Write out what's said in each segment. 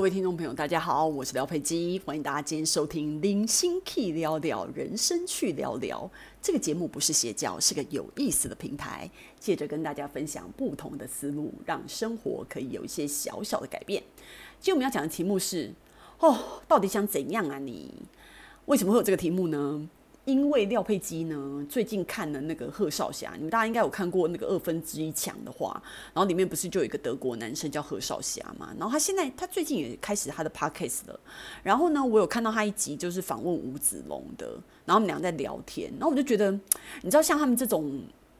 各位聽眾朋友，大家好，我是廖佩姬。歡迎大家今天收聽《零星 k 聊聊人生去聊聊》這個節目，不是邪教，是個有意思的平台，借着跟大家分享不同的思路，讓生活可以有一些小小的改變。今天我們要講的題目是：哦，到底想怎樣啊你？你為什麼會有這個題目呢？因為廖佩基呢，最近看了那個賀少俠，你們大家應該有看過那個二分之一強的話，然後裡面不是就有一個德國男生叫賀少俠嘛？然後他現在他最近也開始他的 podcast 了，然後呢，我有看到他一集就是訪問吳子龍的，然後我們倆在聊天，然後我就覺得，你知道像他們這種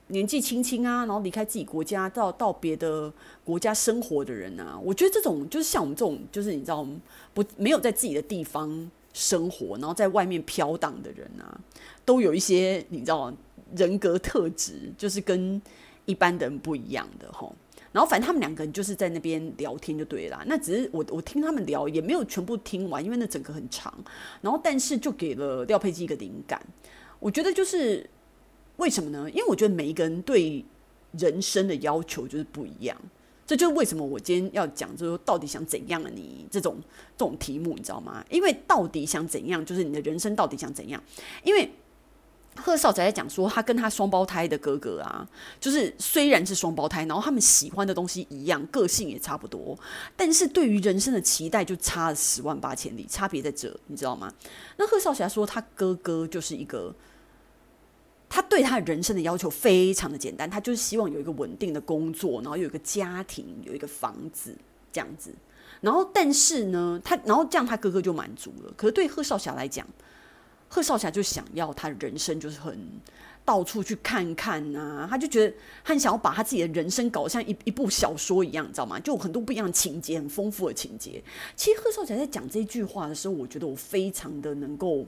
年紀輕輕啊，然後離開自己國家到到別的國家生活的人啊，我覺得這種就是像我們這種，就是你知道，不沒有在自己的地方。生活，然後在外面飄蕩的人啊，都有一些你知道人格特質，就是跟一般的人不一樣的吼。然後反正他們兩個人就是在那邊聊天就對啦。那只是我我聽他們聊也沒有全部聽完，因為那整個很長。然後但是就給了廖佩基一個靈感。我覺得就是為什麼呢？因為我覺得每一個人對人生的要求就是不一樣。這就是為什麼我今天要講，就是說到底想怎樣啊？你這種這種題目，你知道嗎？因為到底想怎樣，就是你的人生到底想怎樣？因為賀少俠在講說，他跟他雙胞胎的哥哥啊，就是雖然是雙胞胎，然後他們喜歡的東西一樣，個性也差不多，但是對於人生的期待就差了十萬八千里，差別在這，你知道嗎？那賀少俠說，他哥哥就是一個。他對他人生的要求非常的簡單，他就是希望有一個穩定的工作，然後有一個家庭，有一個房子這樣子。然後，但是呢，他然後這樣，他哥哥就滿足了。可是對賀少俠來講，賀少俠就想要他人生就是很到處去看看啊，他就覺得他很想要把他自己的人生搞得像一一部小說一樣，你知道嗎？就有很多不一樣的情節，很豐富的情節。其實賀少俠在講這句話的時候，我覺得我非常的能夠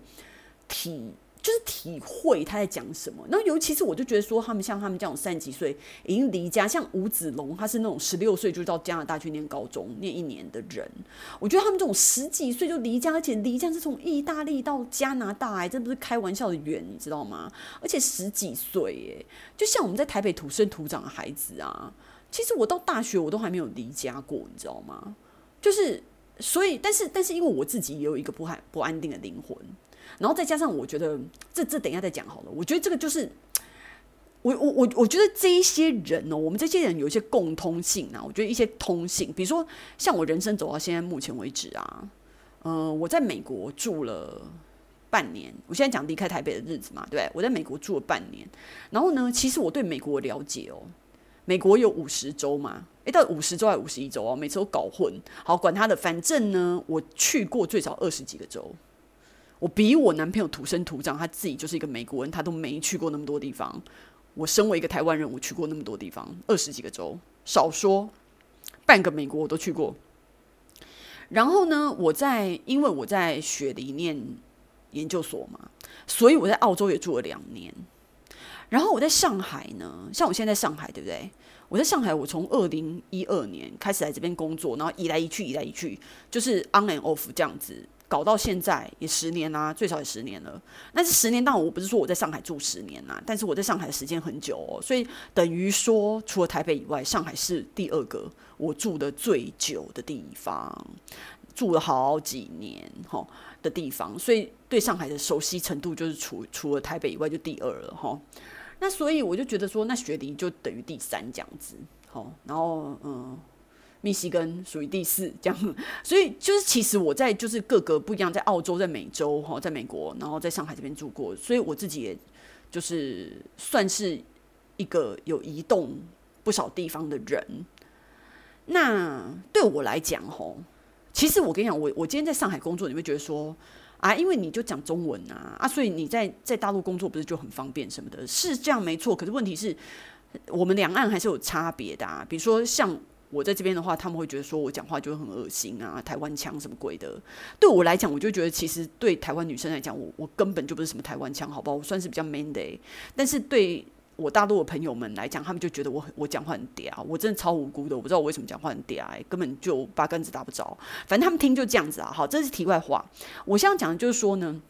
體。就是體會他在講什麼，然後尤其是我就覺得說，他們像他們這種三十幾歲已經離家，像吳子龍，他是那種十六歲就到加拿大去念高中念一年的人。我覺得他們這種十幾歲就離家，而且離家是從意大利到加拿大、欸，哎，這不是開玩笑的遠，你知道嗎？而且十幾歲、欸，哎，就像我們在台北土生土長的孩子啊，其實我到大學我都還沒有離家過，你知道嗎？就是，所以，但是，但是因為我自己也有一個不安不安定的靈魂。然後再加上，我覺得這這等一下再講好了。我覺得這個就是，我我我我覺得這一些人哦，我們這些人有一些共通性啊。我覺得一些通性，比如說像我人生走到現在目前為止啊，嗯、呃，我在美國住了半年。我現在講離開台北的日子嘛，對不對？我在美國住了半年。然後呢，其實我對美國了解哦。美國有五十州嘛？誒，到五十州還五十一州哦？每次都搞混。好，管他的，反正呢，我去過最少二十幾個州。我比我男朋友土生土長，他自己就是一個美國人，他都沒去過那麼多地方。我身為一個台灣人，我去過那麼多地方，二十幾個州，少說半個美國我都去過。然後呢，我在因為我在雪梨念研究所嘛，所以我在澳洲也住了兩年。然後我在上海呢，像我現在在上海，對不對？我在上海，我從二零一二年開始來這邊工作，然後移來移去，移來移去，就是 on and off 這樣子。搞到現在也十年啦、啊，最少也十年了。但是十年，但我不是說我在上海住十年啦、啊，但是我在上海的時間很久、哦，所以等於說，除了台北以外，上海是第二個我住的最久的地方，住了好幾年哈的地方，所以對上海的熟悉程度就是除除了台北以外就第二了哈。那所以我就覺得說，那雪梨就等於第三這樣子哦。然後嗯。密西根屬於第四，這樣，所以就是其實我在就是各個不一樣，在澳洲、在美洲、哈，在美國，然後在上海這邊住過，所以我自己也就是算是一個有移動不少地方的人。那對我來講，吼，其實我跟你講，我我今天在上海工作，你會覺得說啊，因為你就講中文啊，啊，所以你在在大陸工作不是就很方便什麼的？是這樣沒錯，可是問題是，我們兩岸還是有差別的啊，比如說像。我在這邊的話，他們會覺得說我講話就會很惡心啊，台灣腔什麼鬼的。對我來講，我就覺得其實對台灣女生來講，我我根本就不是什麼台灣腔，好不好？我算是比較 man 的。但是對我大陸的朋友們來講，他們就覺得我我講話很嗲，我真的超無辜的，我不知道我為什麼講話很嗲，根本就八竿子打不着。反正他們聽就這樣子啊，好，這是題外話。我現在講的就是說呢。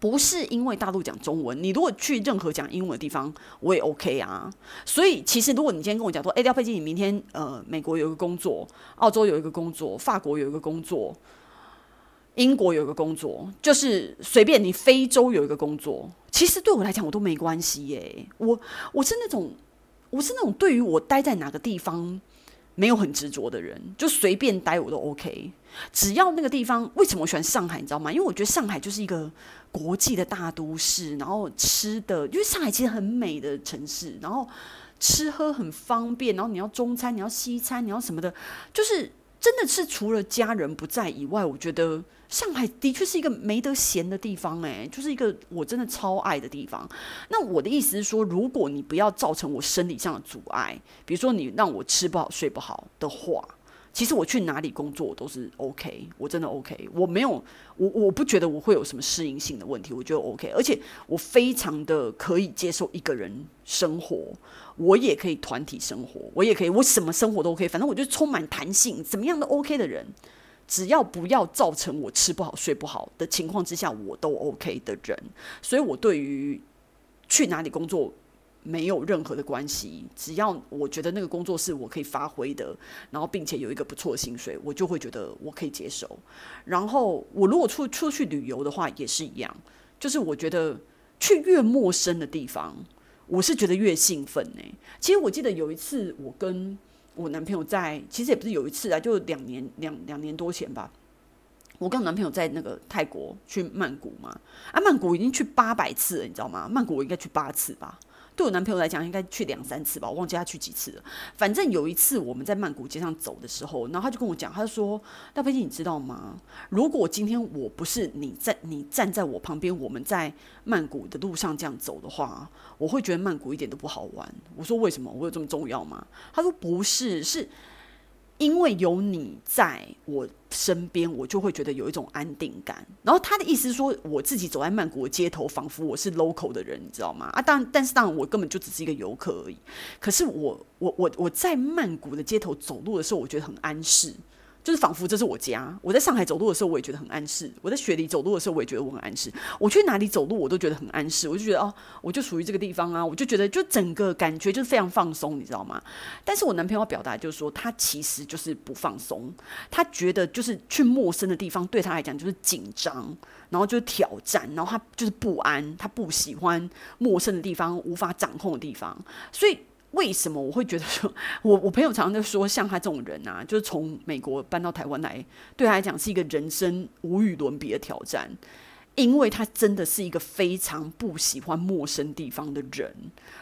不是因為大陸講中文，你如果去任何講英文的地方，我也 OK 啊。所以其實，如果你今天跟我講說，哎、欸，廖佩金，你明天呃，美國有一個工作，澳洲有一個工作，法國有一個工作，英國有一個工作，就是隨便你非洲有一個工作，其實對我來講，我都沒關係耶、欸。我我是那種，我是那種對於我待在哪個地方。沒有很執着的人，就隨便待我都 OK。只要那個地方，為什麼我喜歡上海？你知道嗎？因為我覺得上海就是一個國際的大都市，然後吃的，因為上海其實很美的城市，然後吃喝很方便，然後你要中餐，你要西餐，你要什麼的，就是。真的是除了家人不在以外，我覺得上海的確是一個沒得閒的地方，欸，誒，就是一個我真的超愛的地方。那我的意思是說，如果你不要造成我生理上的阻礙，比如說你讓我吃不好、睡不好的話。其實我去哪裡工作都是 OK，我真的 OK，我沒有，我我不覺得我會有什麼適應性的問題，我覺得 OK，而且我非常的可以接受一個人生活，我也可以團體生活，我也可以，我什麼生活都 OK，反正我就充滿彈性，怎麼樣都 OK 的人，只要不要造成我吃不好、睡不好的情況之下，我都 OK 的人，所以我對於去哪裡工作，沒有任何的關係，只要我覺得那個工作是我可以發揮的，然後並且有一個不錯的薪水，我就會覺得我可以接受。然後我如果出出去旅遊的話，也是一樣，就是我覺得去越陌生的地方，我是覺得越興奮哎、欸。其實我記得有一次，我跟我男朋友在，其實也不是有一次啊，就兩年兩兩年多前吧，我跟我男朋友在那個泰國去曼谷嘛，啊，曼谷已經去八百次了，你知道嗎？曼谷我應該去八次吧。對我男朋友來講，應該去兩三次吧，我忘記他去幾次了。反正有一次我們在曼谷街上走的時候，然後他就跟我講，他說：“大飛機，你知道嗎？如果今天我不是你在你站在我旁邊，我們在曼谷的路上這樣走的話，我會覺得曼谷一點都不好玩。”我說：“為什麼？我有這麼重要嗎？”他說：“不是，是。”因為有你在我身邊，我就會覺得有一種安定感。然後他的意思是說，我自己走在曼谷的街頭，仿佛我是 local 的人，你知道嗎？啊，當然，但是當然我根本就只是一個遊客而已。可是我我我我在曼谷的街頭走路的時候，我覺得很安適。就是仿佛這是我家。我在上海走路的時候，我也覺得很安適；我在雪梨走路的時候，我也覺得我很安適。我去哪裡走路，我都覺得很安適。我就覺得哦，我就屬於這個地方啊！我就覺得，就整個感覺就是非常放鬆，你知道嗎？但是我男朋友要表達就是說，他其實就是不放鬆。他覺得就是去陌生的地方，對他來講就是緊張，然後就是挑戰，然後他就是不安，他不喜歡陌生的地方，無法掌控的地方，所以。為什麼我會覺得說，我我朋友常常在說，像他這種人啊，就是從美國搬到台灣來，對他來講是一個人生無與倫比的挑戰，因為他真的是一個非常不喜歡陌生地方的人，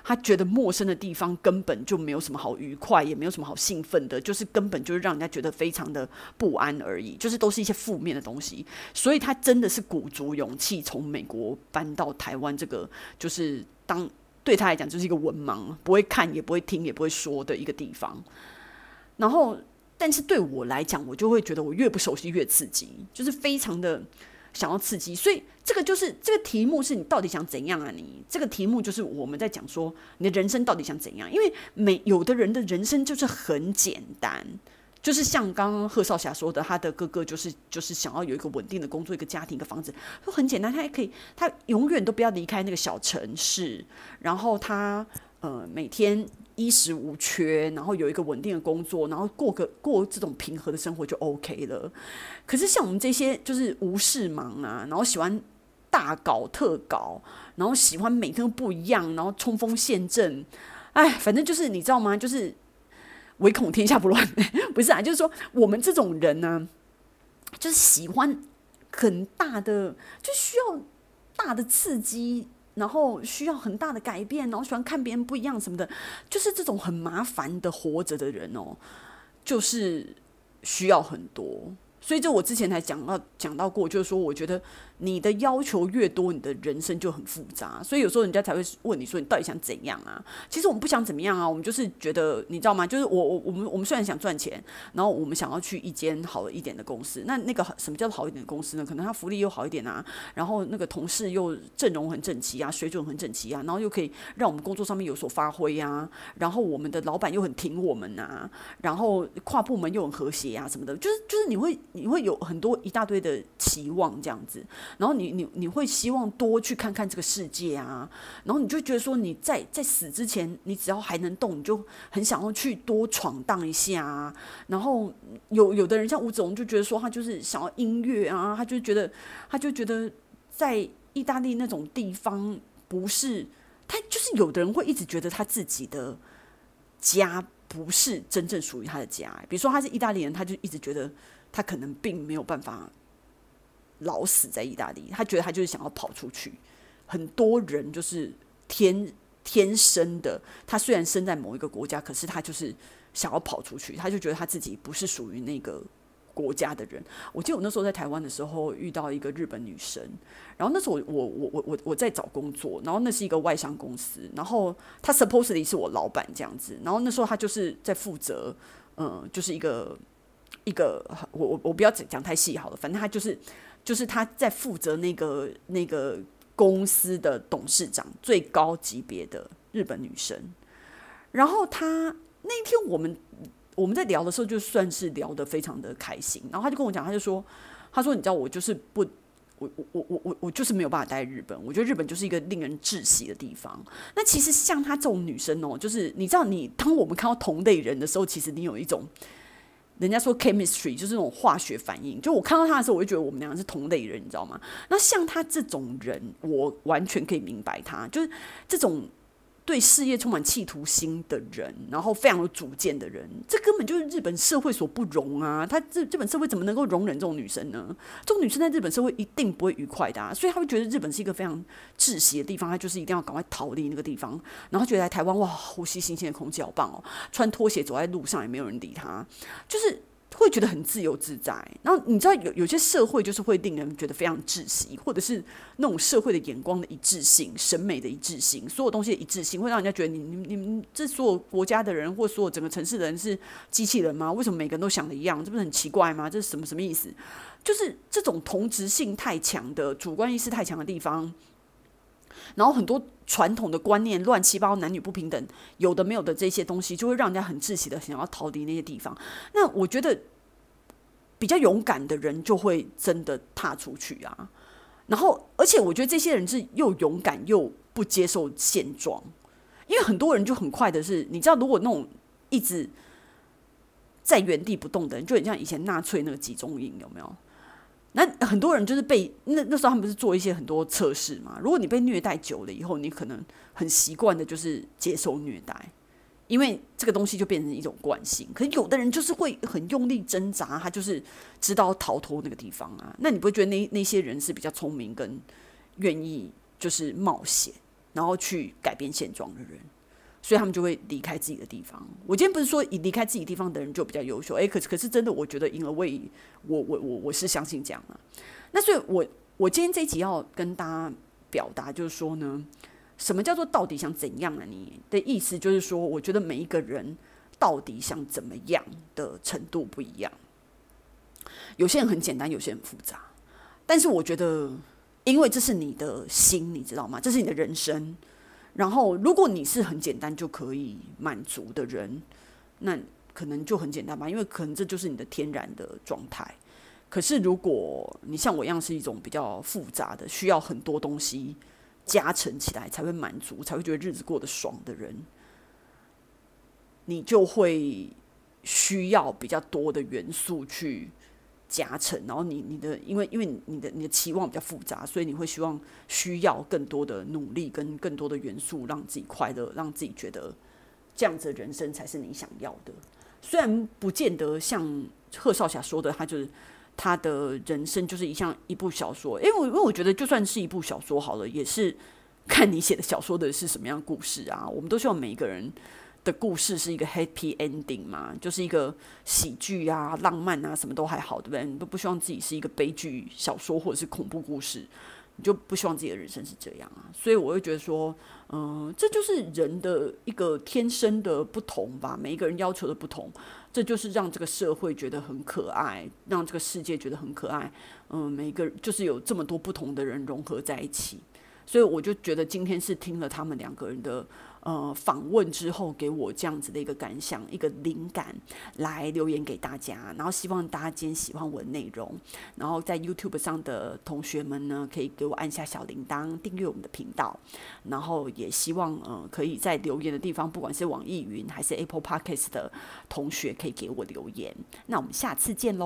他覺得陌生的地方根本就沒有什麼好愉快，也沒有什麼好興奮的，就是根本就是讓人家覺得非常的不安而已，就是都是一些負面的東西，所以他真的是鼓足勇氣從美國搬到台灣，這個就是當。對他來講就是一個文盲，不會看，也不會聽，也不會說的一個地方。然後，但是對我來講，我就會覺得我越不熟悉越刺激，就是非常的想要刺激。所以，這個就是這個題目是你到底想怎樣啊你？你這個題目就是我們在講說你的人生到底想怎樣？因為每有的人的人生就是很簡單。就是像剛剛賀少俠說的，他的哥哥就是就是想要有一個穩定的工作、一個家庭、一個房子，很簡單，他也可以，他永遠都不要離開那個小城市，然後他呃每天衣食無缺，然後有一個穩定的工作，然後過個過這種平和的生活就 OK 了。可是像我們這些就是無事忙啊，然後喜歡大搞特搞，然後喜歡每天都不一樣，然後衝鋒陷陣，哎，反正就是你知道嗎？就是。唯恐天下不亂， 不是啊，就是說我們這種人呢、啊，就是喜歡很大的，就需要大的刺激，然後需要很大的改變，然後喜歡看別人不一樣什麼的，就是這種很麻煩的活着的人哦，就是需要很多，所以這我之前才講到講到過，就是說我覺得。你的要求越多，你的人生就很複雜，所以有時候人家才會問你說：“你到底想怎樣啊？”其實我們不想怎麼樣啊，我們就是覺得，你知道嗎？就是我我我們我們雖然想賺錢，然後我們想要去一間好一點的公司，那那個什麼叫好一點的公司呢？可能它福利又好一點啊，然後那個同事又陣容很整齊啊，水準很整齊啊，然後又可以讓我們工作上面有所發揮啊，然後我們的老闆又很挺我們啊，然後跨部門又很和諧啊，什麼的，就是就是你會你會有很多一大堆的期望這樣子。然後你你你會希望多去看看這個世界啊，然後你就覺得說你在在死之前，你只要還能動，你就很想要去多闖蕩一下啊。然後有有的人像吳子龍就覺得說他就是想要音樂啊，他就覺得他就覺得在意大利那種地方不是，他就是有的人會一直覺得他自己的家不是真正屬於他的家，比如說他是意大利人，他就一直覺得他可能並沒有辦法。老死在意大利，他覺得他就是想要跑出去。很多人就是天天生的，他雖然生在某一個國家，可是他就是想要跑出去。他就覺得他自己不是屬於那個國家的人。我記得我那時候在台灣的時候遇到一個日本女生，然後那時候我我我我我在找工作，然後那是一個外商公司，然後他 supposedly 是我老闆這樣子，然後那時候他就是在負責，嗯，就是一個一個我我我不要講太細好了，反正他就是。就是他在負責那個那個公司的董事長，最高級別的日本女生。然後他那一天我們我們在聊的時候，就算是聊得非常的開心。然後他就跟我講，他就說：“他說你知道我就是不，我我我我我我就是沒有辦法待日本。我覺得日本就是一個令人窒息的地方。那其實像她這種女生哦、喔，就是你知道你，你當我們看到同類人的時候，其實你有一種。”人家說 chemistry 就是那種化學反應，就我看到他的時候，我就覺得我們倆是同類人，你知道嗎？那像他這種人，我完全可以明白他，就是這種。對事業充滿企圖心的人，然後非常有主見的人，這根本就是日本社會所不容啊！他這日本社會怎麼能夠容忍這種女生呢？這種女生在日本社會一定不會愉快的啊，所以他會覺得日本是一個非常窒息的地方，他就是一定要趕快逃離那個地方。然後覺得來台灣，哇，呼吸新鮮的空氣好棒哦，穿拖鞋走在路上也沒有人理他，就是。會覺得很自由自在，然後你知道有有些社會就是會令人覺得非常窒息，或者是那種社會的眼光的一致性、審美的一致性、所有東西的一致性，會讓人家覺得你、你、你們這所有國家的人或所有整個城市的人是機器人嗎？為什麼每個人都想的一樣？這不是很奇怪嗎？這是什麼什麼意思？就是這種同質性太強的、主觀意識太強的地方。然後很多傳統的觀念亂七八糟，男女不平等，有的沒有的這些東西，就會讓人家很窒息的想要逃離那些地方。那我覺得比較勇敢的人就會真的踏出去啊。然後，而且我覺得這些人是又勇敢又不接受現狀，因為很多人就很快的是，你知道，如果那種一直在原地不動的就很像以前納粹那個集中營，有沒有？那很多人就是被那那時候他們不是做一些很多測試嘛？如果你被虐待久了以後，你可能很習慣的，就是接受虐待，因為這個東西就變成一種慣性。可是有的人就是會很用力掙扎，他就是知道逃脫那個地方啊。那你不會覺得那那些人是比較聰明跟願意就是冒險，然後去改變現狀的人？所以他們就會離開自己的地方。我今天不是說以離開自己地方的人就比較優秀，欸，可是可是真的，我覺得因為，我我我我是相信這樣了。那所以我，我我今天這一集要跟大家表達就是說呢，什麼叫做到底想怎樣啦？你的意思就是說，我覺得每一個人到底想怎麼樣的程度不一樣，有些人很簡單，有些人很複雜。但是我覺得，因為這是你的心，你知道嗎？這是你的人生。然後，如果你是很簡單就可以滿足的人，那可能就很簡單吧，因為可能這就是你的天然的狀態。可是，如果你像我一樣是一種比較複雜的，需要很多東西加成起來才會滿足，才會覺得日子過得爽的人，你就會需要比較多的元素去。加成，然後你你的因為因為你的你的期望比較複雜，所以你會希望需要更多的努力跟更多的元素讓自己快樂，讓自己覺得這樣子的人生才是你想要的。雖然不見得像賀少俠說的，他就是他的人生就是像一,一部小說。因為因為我覺得就算是一部小說好了，也是看你寫的小說的是什麼樣的故事啊。我們都希望每一個人。的故事是一個 happy ending 嘛，就是一個喜劇啊、浪漫啊，什麼都還好，對不對？你都不希望自己是一個悲劇小說或者是恐怖故事，你就不希望自己的人生是這樣啊。所以我會覺得說，嗯，這就是人的一個天生的不同吧，每一個人要求的不同，這就是讓這個社會覺得很可愛，讓這個世界覺得很可愛。嗯，每個就是有這麼多不同的人融合在一起，所以我就覺得今天是聽了他們兩個人的。呃，訪問之後給我這樣子的一個感想，一個靈感，來留言給大家。然後希望大家今天喜歡我的內容，然後在 YouTube 上的同學們呢，可以給我按下小鈴鐺，訂閱我們的頻道。然後也希望呃，可以在留言的地方，不管是網易雲還是 Apple Podcast 的同學，可以給我留言。那我們下次見嘍。